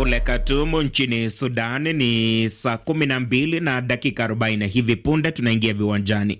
kule Katumu nchini Sudan. Ni saa kumi na mbili na dakika arobaini. Hivi punde tunaingia viwanjani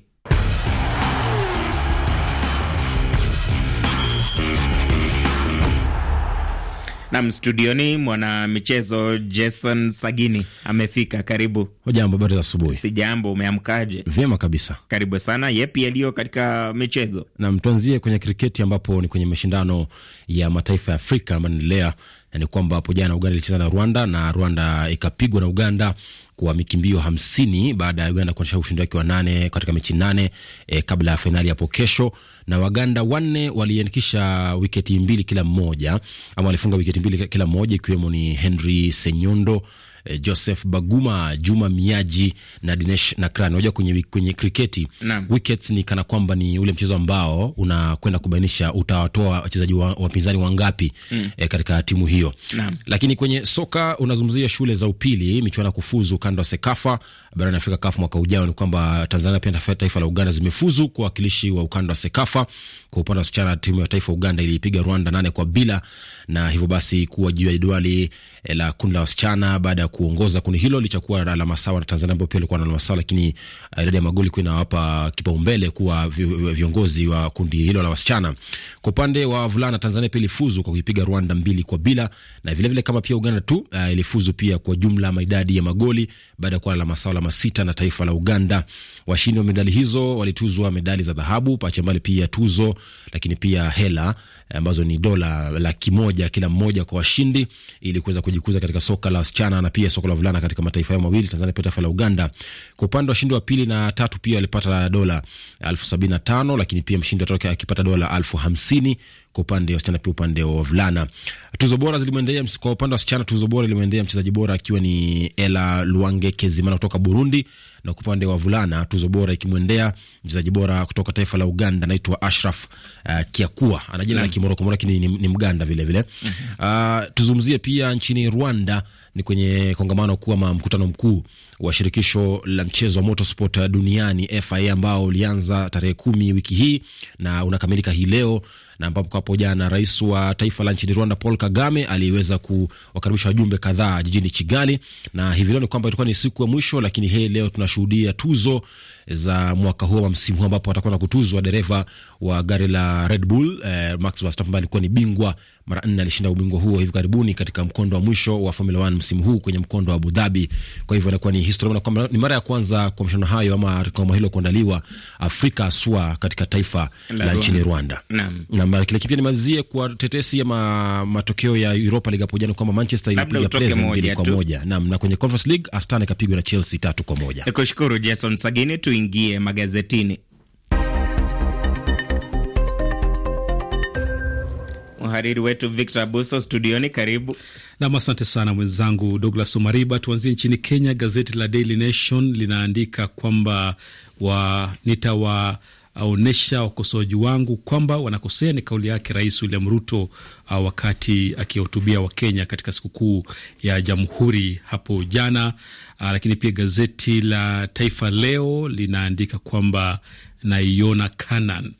Nam, studioni mwana michezo Jason Sagini amefika. Karibu. Hujambo, habari za asubuhi? Si jambo, umeamkaje? Vyema kabisa, karibu sana. Yepi yaliyo katika michezo? Nam, tuanzie kwenye kriketi ambapo ni kwenye mashindano ya mataifa ya Afrika ambayo inaendelea na ni kwamba hapo jana Uganda ilicheza na Rwanda na Rwanda ikapigwa na Uganda kwa mikimbio hamsini baada ya Uganda kuonyesha ushindi wake wa nane katika mechi nane e, kabla ya fainali hapo kesho. Na Waganda wanne waliandikisha wiketi mbili kila mmoja ama walifunga wiketi mbili kila mmoja ikiwemo ni Henry Senyondo Eh, Joseph Baguma, Juma Miaji na Dinesh Nakran. Unajua kwenye, kwenye kriketi wickets ni kana kwamba ni ule mchezo ambao unakwenda kubainisha utawatoa wachezaji wapinzani wa wangapi mm. eh, katika timu hiyo na. Lakini kwenye soka unazungumzia shule za upili, michuano ya kufuzu kando ya Sekafa barani Afrika kafu mwaka ujao, ni kwamba Tanzania pia taifa la Uganda zimefuzu kwa wakilishi wa ukanda wa Sekafa. Kwa upande wa wasichana, timu ya taifa Uganda ilipiga Rwanda nane kwa bila, na hivyo basi kuwa juu ya jedwali eh, la kundi la wasichana baada ya kuongoza kundi hilo licha kuwa na alama sawa na Tanzania ambao pia walikuwa na alama sawa, lakini eh, idadi ya magoli kuwa inawapa kipaumbele kuwa viongozi wa kundi hilo la wasichana. Kwa upande wa wavulana, Tanzania pia ilifuzu kwa kuipiga Rwanda mbili kwa bila, na vilevile kama pia Uganda tu uh, ilifuzu pia kwa jumla maidadi ya magoli baada ya kuwa alama sawa alama sita na taifa la Uganda. Washindi wa medali hizo walituzwa medali za dhahabu, pacha mbali pia tuzo, lakini pia hela ambazo ni dola laki moja kila mmoja kwa washindi, ili kuweza kujikuza katika soka la wasichana na pia soka la vulana katika mataifa hayo mawili, Tanzania pia taifa la Uganda. Kwa upande wa washindi wa pili na tatu pia walipata dola elfu sabini na tano lakini pia mshindi wa tatu akipata dola elfu hamsini kwa upande wa wasichana, pia upande wa wavulana. Tuzo bora zilimwendea kwa upande wa wasichana, tuzo bora ilimwendea mchezaji bora akiwa ni Ela Luange Kezimana kutoka Burundi, na kwa upande wa wavulana tuzo bora ikimwendea mchezaji bora kutoka taifa la Uganda anaitwa Ashraf uh, Kiakua, ana jina la Kimoroko Moroko, ni, ni, ni Mganda vile vile. Mhm. Uh, tuzungumzie pia nchini Rwanda, ni kwenye kongamano kuu ama mkutano mkuu wa shirikisho la mchezo wa motorsport duniani FIA ambao ulianza tarehe kumi wiki hii na unakamilika hii leo na ambapo hapo jana rais wa taifa la nchini Rwanda Paul Kagame aliweza kuwakaribisha wajumbe kadhaa jijini Kigali, na hivi leo ni kwamba ilikuwa ni siku ya mwisho, lakini hii leo tunashuhudia tuzo za mwaka huu wa msimu huu ambapo atakuwa na kutuzwa dereva wa gari la Red Bull eh, Max Verstappen alikuwa ni bingwa mara nne, alishinda ubingwa huo hivi karibuni katika mkondo wa mwisho wa Formula 1 msimu huu kwenye mkondo wa Abu Dhabi. Kwa hivyo anakuwa ni historia na kwamba ni mara ya kwanza kwa mashindano hayo ama kongamano hilo kuandaliwa Afrika haswa katika taifa la, la nchini Rwanda. Na kile kipya nimalizie kwa tetesi ama matokeo ya Europa League hapo jana kwamba Manchester ilipiga Plzen mbili kwa moja naam, na kwenye Conference League Astana ikapigwa na Chelsea tatu kwa moja. Nikushukuru Jason Sagini, tuingie magazetini. mhariri wetu Victor Abuso studioni, karibu nam. Asante sana mwenzangu Douglas Omariba. Tuanzie nchini Kenya. Gazeti la Daily Nation linaandika kwamba wa nitawa aonyesha wakosoaji wangu kwamba wanakosea, ni kauli yake Rais William Ruto uh, wakati akihutubia Wakenya katika sikukuu ya Jamhuri hapo jana. Uh, lakini pia gazeti la Taifa Leo linaandika kwamba naiona Kanan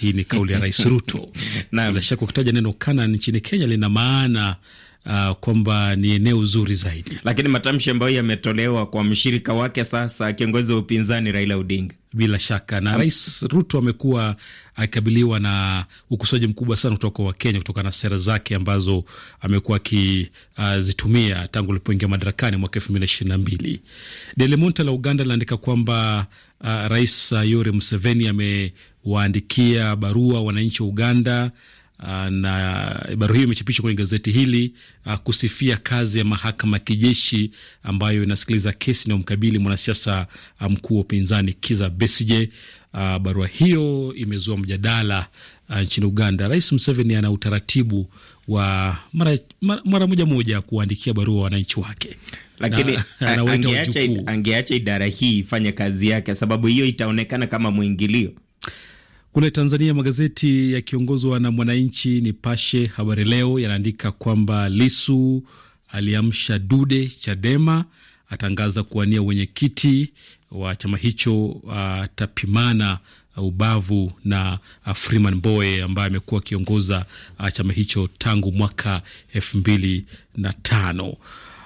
hii ni kauli ya Rais Ruto. bila shaka ukitaja neno kanan nchini Kenya lina maana uh, kwamba ni eneo zuri zaidi. Lakini matamshi ambayo yametolewa kwa mshirika wake sasa, kiongozi wa upinzani Raila Odinga bila shaka na Rais Ruto amekuwa akikabiliwa na ukosoaji mkubwa sana kutoka kwa Wakenya kutokana na sera zake ambazo amekuwa akizitumia uh, tangu alipoingia madarakani mwaka elfu mbili na ishirini na mbili. Daily Monitor la Uganda linaandika kwamba uh, Rais Yoweri Museveni amewaandikia barua wananchi wa Uganda Ah, na barua hiyo imechapishwa kwenye gazeti hili ah, kusifia kazi ya mahakama ya kijeshi ambayo inasikiliza kesi inayomkabili mwanasiasa ah, mkuu wa upinzani Kiza Besije. Barua hiyo imezua mjadala nchini Uganda. Rais Museveni ana utaratibu wa mara, mara moja moja kuwaandikia barua wananchi wake, lakini angeacha idara hii ifanye kazi yake, sababu hiyo itaonekana kama mwingilio kule Tanzania, magazeti yakiongozwa na Mwananchi, Nipashe, Habari Leo yanaandika kwamba Lisu aliamsha dude Chadema, atangaza kuwania wenyekiti wa chama hicho, atapimana uh, ubavu na uh, Freeman Mbowe ambaye amekuwa akiongoza uh, chama hicho tangu mwaka elfu mbili na tano.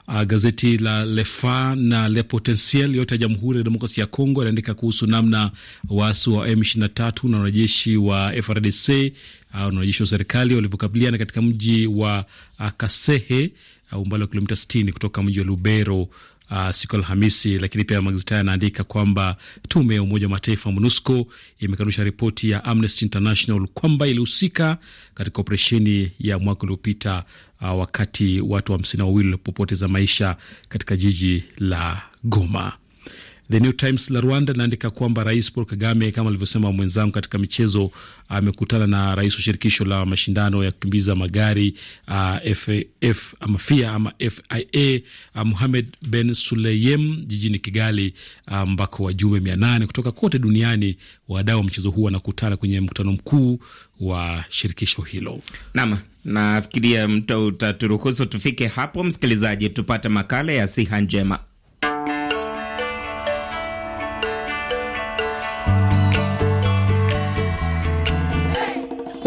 Uh, gazeti la lefa na Le Potentiel yote ya Jamhuri ya Demokrasia ya Kongo yanaandika kuhusu namna waasi wa M23 na wanajeshi wa FRDC uh, ah, wanajeshi wa serikali walivyokabiliana katika mji wa ah, Kasehe, umbali wa kilomita 60 kutoka mji wa Lubero uh, siku Alhamisi. Lakini pia magazeti haya yanaandika kwamba tume ya Umoja wa Mataifa MONUSCO imekanusha ripoti ya Amnesty International kwamba ilihusika katika operesheni ya mwaka uliopita uh, wakati watu hamsini na wawili walipopoteza maisha katika jiji la Goma. The New Times la Rwanda linaandika kwamba Rais Paul Kagame, kama alivyosema mwenzangu katika michezo, amekutana na rais wa shirikisho la mashindano ya kukimbiza magari uh, FAF ama FIA ama FIA uh, Muhamed Ben Suleyem jijini Kigali, uh, ambako um, wajumbe mia nane kutoka kote duniani wadau wa mchezo huu wanakutana kwenye mkutano mkuu wa shirikisho hilo. Naam, nafikiria mto utaturuhusu tufike hapo, msikilizaji, tupate makala ya siha njema.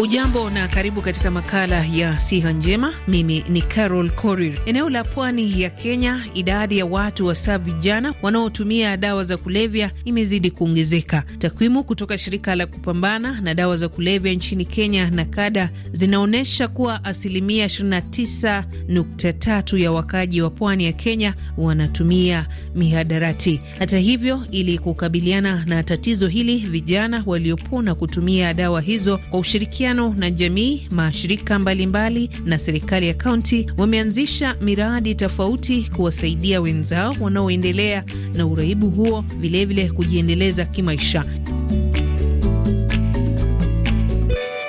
Hujambo na karibu katika makala ya siha njema. Mimi ni Carol Korir. Eneo la pwani ya Kenya, idadi ya watu hasa vijana wanaotumia dawa za kulevya imezidi kuongezeka. Takwimu kutoka shirika la kupambana na dawa za kulevya nchini Kenya na kada zinaonyesha kuwa asilimia 29.3 ya wakaji wa pwani ya Kenya wanatumia mihadarati. Hata hivyo, ili kukabiliana na tatizo hili, vijana waliopona kutumia dawa hizo kwa ushirikiano ushirikiano na jamii, mashirika mbalimbali mbali, na serikali ya kaunti wameanzisha miradi tofauti kuwasaidia wenzao wanaoendelea na uraibu huo, vilevile vile kujiendeleza kimaisha.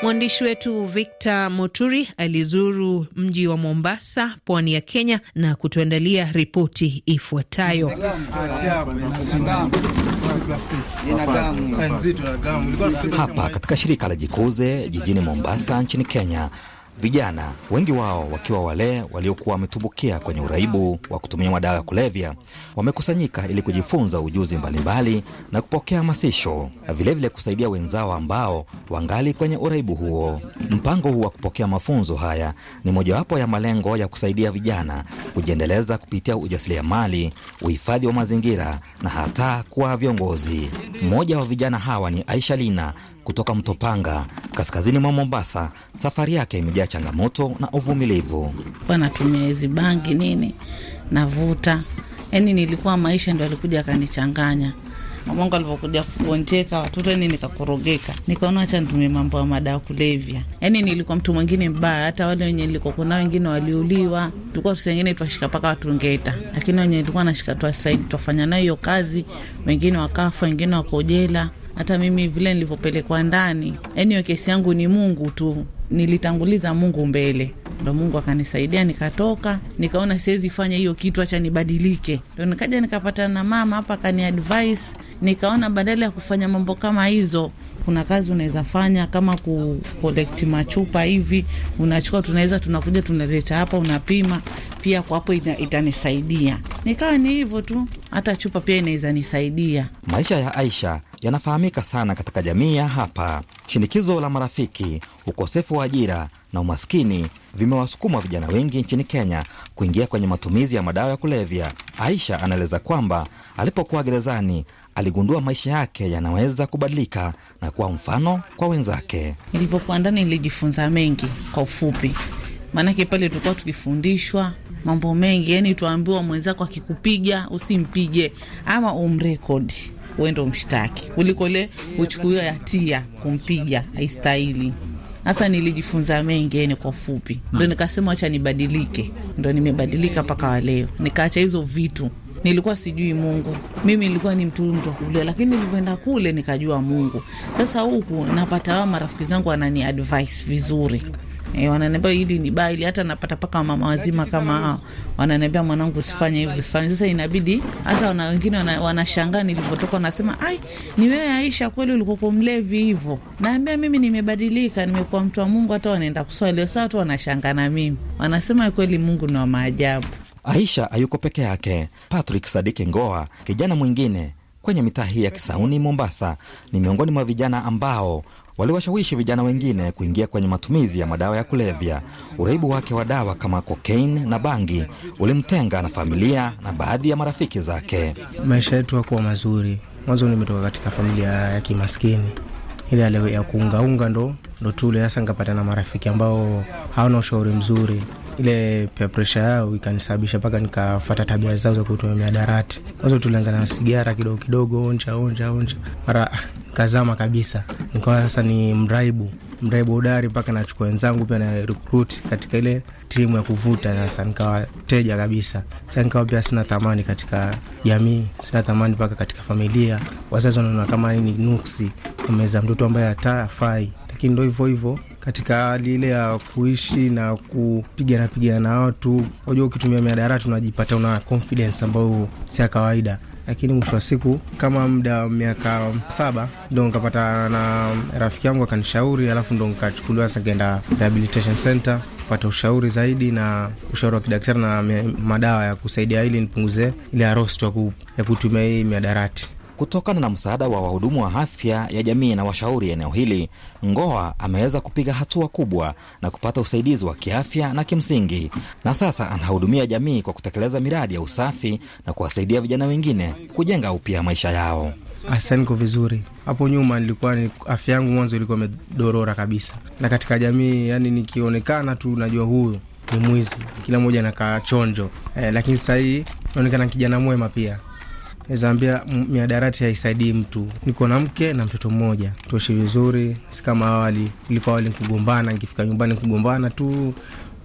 Mwandishi wetu Victor Moturi alizuru mji wa Mombasa, pwani ya Kenya, na kutuandalia ripoti ifuatayo. Hapa katika shirika la Jikuze jijini Mombasa nchini Kenya vijana wengi wao wakiwa wale waliokuwa wametumbukia kwenye uraibu wa kutumia madawa ya kulevya wamekusanyika ili kujifunza ujuzi mbalimbali mbali na kupokea hamasisho, na vilevile kusaidia wenzao ambao wangali kwenye uraibu huo. Mpango huu wa kupokea mafunzo haya ni mojawapo ya malengo ya kusaidia vijana kujiendeleza kupitia ujasiriamali, uhifadhi wa mazingira na hata kuwa viongozi. Mmoja wa vijana hawa ni Aisha Lina kutoka Mtopanga kaskazini mwa Mombasa. Safari yake imejaa changamoto na uvumilivu. Wanatumia hizi bangi nini, navuta yani, nilikuwa maisha ndo alikuja akanichanganya. Mamangu alivyokuja kugonjeka watoto ni yaani nikakorogeka, nikaona acha nitumie mambo ya madawa kulevya. Yani nilikuwa mtu mwingine mbaya, hata wale wenye nilikuwa wengine waliuliwa, tulikuwa tusengine twashika mpaka watu ngeta, lakini wenye nilikuwa nashika twasaidi twafanya nayo hiyo kazi, wengine wakafa, wengine wakojela hata mimi vile nilivyopelekwa ndani, yani yaani kesi yangu ni Mungu tu, nilitanguliza Mungu mbele, ndo Mungu akanisaidia nikatoka. Nikaona siwezi fanya hiyo kitu, acha nibadilike. Ndo nikaja nikapatana na mama hapa, akaniadvise. Nikaona badala ya kufanya mambo kama hizo kuna kazi unaweza fanya kama ku collect machupa hivi, unachukua tunaweza, tunakuja tunaleta hapa, unapima pia kwa hapo, itanisaidia. Nikawa ni hivyo tu, hata chupa pia inaweza nisaidia. Maisha ya Aisha yanafahamika sana katika jamii ya hapa. Shinikizo la marafiki, ukosefu wa ajira na umaskini vimewasukuma vijana wengi nchini Kenya kuingia kwenye matumizi ya madawa ya kulevya. Aisha anaeleza kwamba alipokuwa gerezani aligundua maisha yake yanaweza kubadilika na kuwa mfano kwa wenzake. Nilivyokuwa ndani nilijifunza mengi, kwa ufupi, maanake pale tulikuwa tukifundishwa mambo mengi, yaani tuambiwa mwenzako akikupiga usimpige ama umrekodi uende umshtaki, kuliko le uchukuliwa hatia kumpiga, haistahili. Hasa nilijifunza mengi, yani kwa fupi, ndo hmm. nikasema wacha nibadilike, ndo nimebadilika mpaka waleo, nikaacha hizo vitu Nilikuwa sijui Mungu, mimi nilikuwa ni mtu mtu wa kulia, lakini nilivyoenda kule nikajua Mungu. Sasa huku napata wao marafiki zangu wanani advise vizuri, E, wananiambia hili ni baa, ili hata napata paka mama wazima kama hao wananiambia, mwanangu, usifanye hivi, usifanye. Sasa inabidi hata wana wengine wanashangaa nilivyotoka, nasema ai, ni wewe Aisha, kweli ulikuwa mlevi hivyo? Naambia mimi nimebadilika, nimekuwa mtu wa Mungu, hata wanaenda kuswali. Sasa watu wanashangaa na mimi, wanasema kweli Mungu ni wa maajabu. Aisha hayuko peke yake. Patrick Sadiki Ngoa, kijana mwingine kwenye mitaa hii ya Kisauni, Mombasa, ni miongoni mwa vijana ambao waliwashawishi vijana wengine kuingia kwenye matumizi ya madawa ya kulevya. Uraibu wake wa dawa kama kokaini na bangi ulimtenga na familia na baadhi ya marafiki zake. Maisha yetu hakuwa mazuri mwanzo. Nimetoka katika familia ya kimaskini ile ya kuungaunga, ndo ndo tule sasa, nikapata na marafiki ambao hawana ushauri mzuri ile pia presha yao ikanisababisha mpaka nikafata tabia zao za kutumia miadarati. Kwanza tulianza na sigara kidogo kidogo, onja onja onja, mara kazama kabisa, nikawa sasa ni mraibu mraibu udari mpaka nachukua wenzangu pia na recruit katika ile timu ya kuvuta. Sasa nikawa teja kabisa, sasa nikawa pia sina thamani katika jamii, sina thamani mpaka katika familia. Wazazi wanaona kama ni nuksi, umeza mtoto ambaye hata lakini ndo hivyo hivyo katika hali ile ya kuishi na kupigana pigana na watu. Unajua, ukitumia miadarati unajipata una confidence ambayo si ya kawaida lakini mwisho wa siku kama muda wa miaka saba ndo nkapata na rafiki yangu akanishauri, alafu ndo nkachukuliwa sakenda nikaenda rehabilitation center kupata ushauri zaidi na ushauri wa kidaktari na madawa ya kusaidia ili nipunguze ile harosi ya kutumia hii miadarati. Kutokana na msaada wa wahudumu wa afya ya jamii na washauri eneo hili, Ngoa ameweza kupiga hatua kubwa na kupata usaidizi wa kiafya na kimsingi, na sasa anahudumia jamii kwa kutekeleza miradi ya usafi na kuwasaidia vijana wengine kujenga upya maisha yao. asaniko vizuri. Hapo nyuma nilikuwa afya yangu mwanzo ilikuwa imedorora kabisa, na katika jamii yani nikionekana tu najua huyu ni mwizi, kila mmoja nakaa chonjo eh, lakini sahii naonekana kijana mwema pia zaambia miadarati haisaidii mtu. Niko na mke na mtoto mmoja, toshi vizuri, si kama awali. Ilikuwa awali nikugombana, nikifika nyumbani nikugombana tu,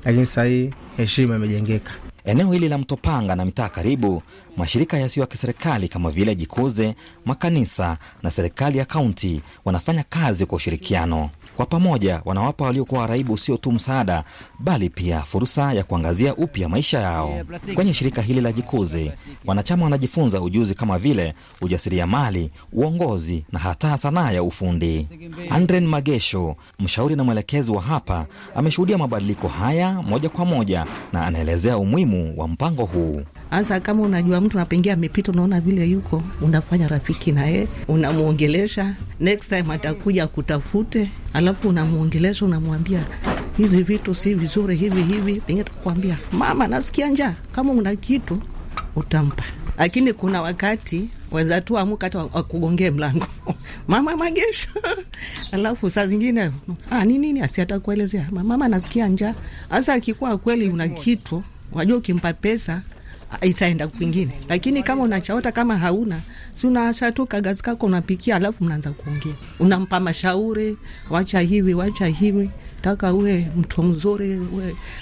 lakini sahii heshima imejengeka. Eneo hili la Mtopanga na mitaa karibu Mashirika yasiyo ya kiserikali kama vile Jikuze, makanisa na serikali ya kaunti wanafanya kazi kwa ushirikiano. Kwa pamoja, wanawapa waliokuwa waraibu sio tu msaada, bali pia fursa ya kuangazia upya maisha yao. Kwenye shirika hili la Jikuze, wanachama wanajifunza ujuzi kama vile ujasiriamali, uongozi na hata sanaa ya ufundi. Andren Magesho, mshauri na mwelekezi wa hapa, ameshuhudia mabadiliko haya moja kwa moja na anaelezea umuhimu wa mpango huu. Anza kama unajua mtu napengea amepita, unaona vile yuko, unafanya rafiki naye, unamwongelesha, next time atakuja kutafute, alafu unamwongelesha, unamwambia hizi vitu si vizuri hivi hivi, pengine takuambia mama, nasikia njaa, kama una kitu utampa lakini kuna wakati waweza tu amuka hata wakugongee mlango mama Magesha. Alafu saa zingine ah, ni nini asi atakuelezea mama, nasikia njaa. Hasa akikuwa kweli una kitu, wajua, ukimpa pesa itaenda kwingine, lakini kama unachaota kama hauna, si unaacha tu kagazi kako unapikia, alafu mnaanza kuongea, unampa mashauri, wacha hivi, wacha hivi, taka uwe mtu mzuri,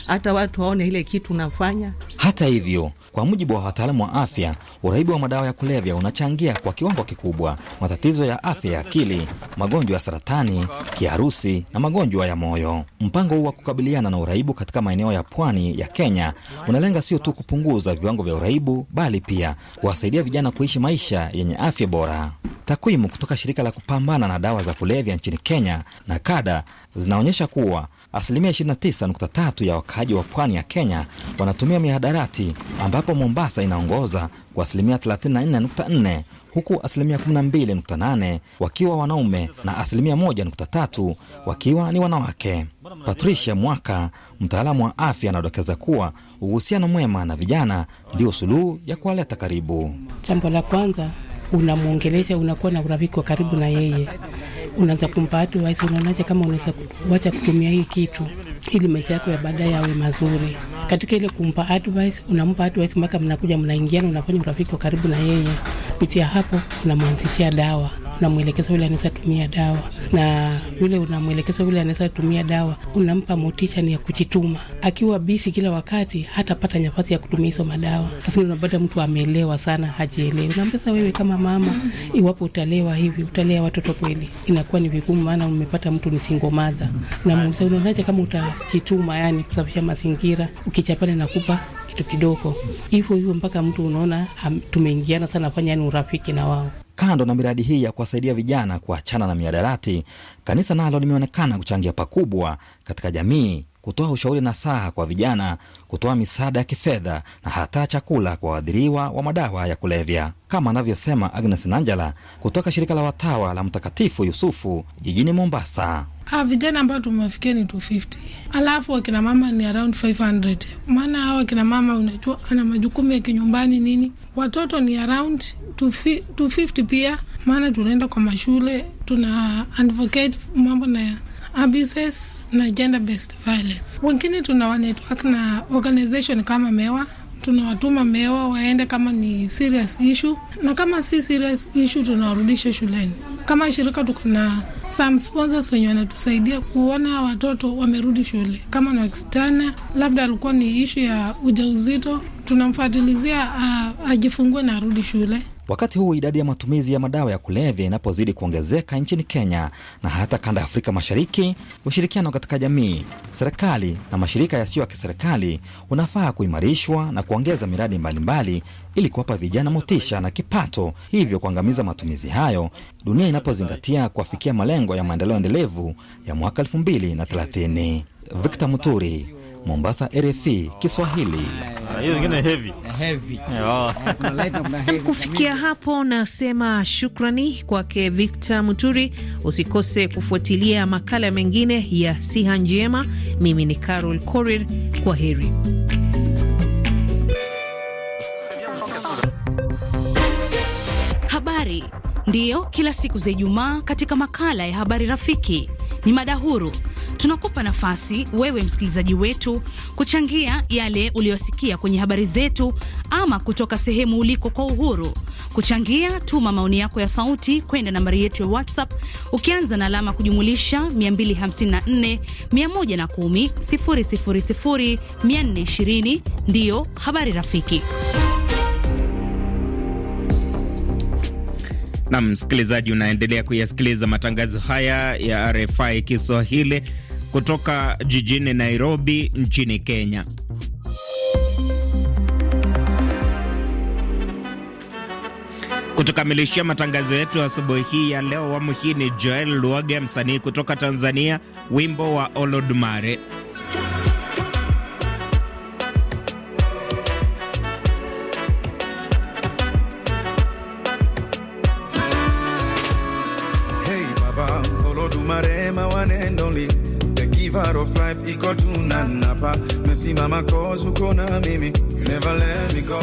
hata watu waone ile kitu unafanya. Hata hivyo kwa mujibu wa wataalamu wa afya, uraibu wa madawa ya kulevya unachangia kwa kiwango kikubwa matatizo ya afya ya akili, magonjwa ya saratani, kiharusi na magonjwa ya moyo. Mpango huu wa kukabiliana na uraibu katika maeneo ya pwani ya Kenya unalenga sio tu kupunguza viwango vya uraibu, bali pia kuwasaidia vijana kuishi maisha yenye afya bora. Takwimu kutoka shirika la kupambana na dawa za kulevya nchini Kenya na kada zinaonyesha kuwa Asilimia 29.3 ya wakaaji wa pwani ya Kenya wanatumia mihadarati, ambapo Mombasa inaongoza kwa asilimia 34.4 huku asilimia 12.8 wakiwa wanaume na asilimia 1.3 wakiwa ni wanawake. Patricia Mwaka, mtaalamu wa afya, anadokeza kuwa uhusiano mwema na vijana ndio suluhu ya kuwaleta karibu. Jambo la kwanza, unamwongelesha, unakuwa na urafiki wa karibu na yeye unaweza kumpa watu waisi, unaonaje kama unaweza kuacha kutumia hii kitu ili maisha yako ya baadaye yawe mazuri. Katika ile kumpa advice, unampa advice mpaka mnakuja mnaingiana, unafanya urafiki wa karibu na yeye. Kupitia hapo unamwanzishia dawa unamwelekeza yule anaweza tumia dawa, na yule unamwelekeza yule anaweza tumia dawa, unampa motisha ni ya kujituma. Akiwa bisi kila wakati, hatapata nafasi ya kutumia hizo madawa. Sasa unapata mtu ameelewa sana, hajielewi. Unampesa wewe kama mama, iwapo utalewa hivi, utalea watoto kweli? Inakuwa ni vigumu, maana umepata mtu ni single mother. Namuuliza unaonaje kama utajituma, yani kusafisha mazingira, ukichapana nakupa kitu kidogo hivyo hivyo, mpaka mtu unaona tumeingiana sana, fanya ni urafiki na wao. Kando na miradi hii ya kuwasaidia vijana kuachana na miadarati, kanisa nalo limeonekana kuchangia pakubwa katika jamii kutoa ushauri na saha kwa vijana, kutoa misaada ya kifedha na hata chakula kwa waadhiriwa wa madawa ya kulevya, kama anavyosema Agnes Nanjala kutoka shirika la watawa la Mtakatifu Yusufu jijini Mombasa. Ha, ah, vijana ambao tumewafikia ni 250 alafu wakinamama ni around 500. Maana hawa wakinamama unajua ana majukumu ya kinyumbani nini, watoto ni around 250 pia, maana tunaenda kwa mashule tuna advocate mambo na abuses na gender based violence. Wengine tuna network na organization kama MEWA, tunawatuma MEWA waende kama ni serious issue, na kama si serious issue tunawarudisha shuleni. Kama shirika tuko na some sponsors wenye wanatusaidia kuona watoto wamerudi shule, kama na wakistana labda alikuwa ni issue ya ujauzito, tunamfatilizia ajifungue na arudi shule. Wakati huu idadi ya matumizi ya madawa ya kulevya inapozidi kuongezeka nchini Kenya na hata kanda ya Afrika Mashariki, ushirikiano katika jamii, serikali na mashirika yasiyo ya kiserikali unafaa kuimarishwa na kuongeza miradi mbalimbali ili kuwapa vijana motisha na kipato, hivyo kuangamiza matumizi hayo, dunia inapozingatia kuafikia malengo ya maendeleo endelevu ya mwaka 2030. Victor Muturi, Mombasa, RFI Kiswahili. Ah, eh, Kufikia hapo nasema shukrani kwake Victor Muturi. Usikose kufuatilia makala mengine ya Siha Njema. Mimi ni Carol Korir, kwa heri. Habari ndiyo kila siku za Ijumaa katika makala ya Habari Rafiki ni mada huru Tunakupa nafasi wewe msikilizaji wetu kuchangia yale uliyosikia kwenye habari zetu ama kutoka sehemu uliko kwa uhuru. Kuchangia, tuma maoni yako ya sauti kwenda nambari yetu ya WhatsApp ukianza na alama kujumulisha 254 Ndiyo habari rafiki. Na msikilizaji, unaendelea kuyasikiliza matangazo haya ya RFI Kiswahili kutoka jijini Nairobi nchini Kenya. Kutukamilishia matangazo yetu asubuhi hii ya leo, awamu hii ni Joel Luoge, msanii kutoka Tanzania, wimbo wa Olodumare. 5 iko tunanapa mesimama cause uko na mimi you never let me go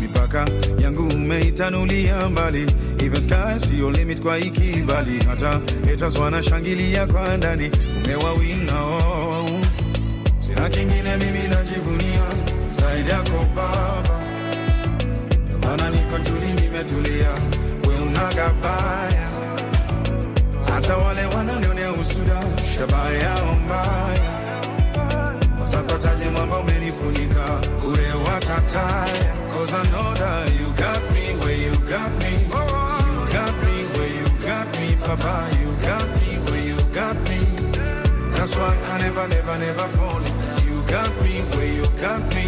mipaka yangu umeitanulia mbali even sky see your limit kwa ikibali hata haters wanashangilia kwa ndani umewawina oh. sina kingine mimi najivunia zaidi yako baba ndio maana niko tuli nimetulia we baya hata wale wananionea usuda, shabaha yao mbaya, watapataje mwamba umenifunika watataya cause I know that you got me where you got me, you got me where you got me, papa you got me where you got me, that's why I never never never fall, you got me where you got me,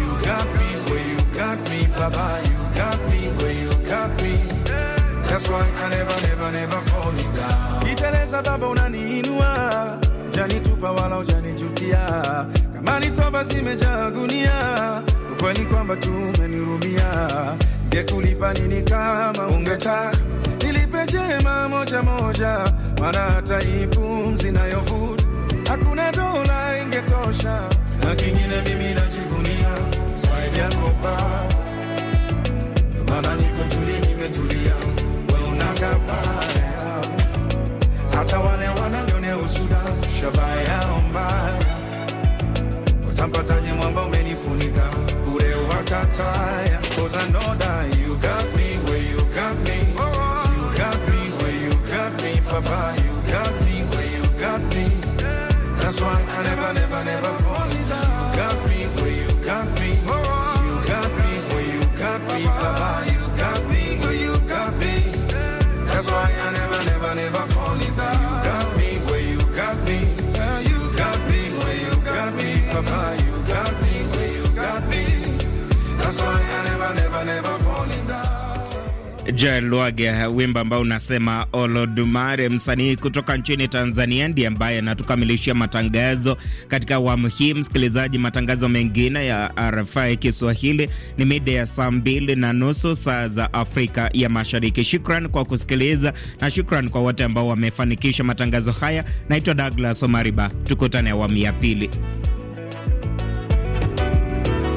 you got me where you got me, papa you got me where you got me. That's why I never, never, never fall down. Niteleza Baba, unaniinua janitupa wala ujanijutia, kama toba zimejaa gunia, ukweli kwamba tumenirumia. ngekulipa nini kama ungetaka nilipe jema moja moja, maana hata ipumzi nayovuta hakuna dola ingetosha, na kingine mimi najivuta levar fome Joel Lwage, wimbo ambao unasema Olodumare. Msanii kutoka nchini Tanzania ndiye ambaye anatukamilishia matangazo katika awamu hii. Msikilizaji, matangazo mengine ya RFI Kiswahili ni mida ya saa mbili na nusu saa za Afrika ya Mashariki. Shukran kwa kusikiliza na shukran kwa wote ambao wamefanikisha matangazo haya. Naitwa Douglas Omariba, tukutane awamu ya pili.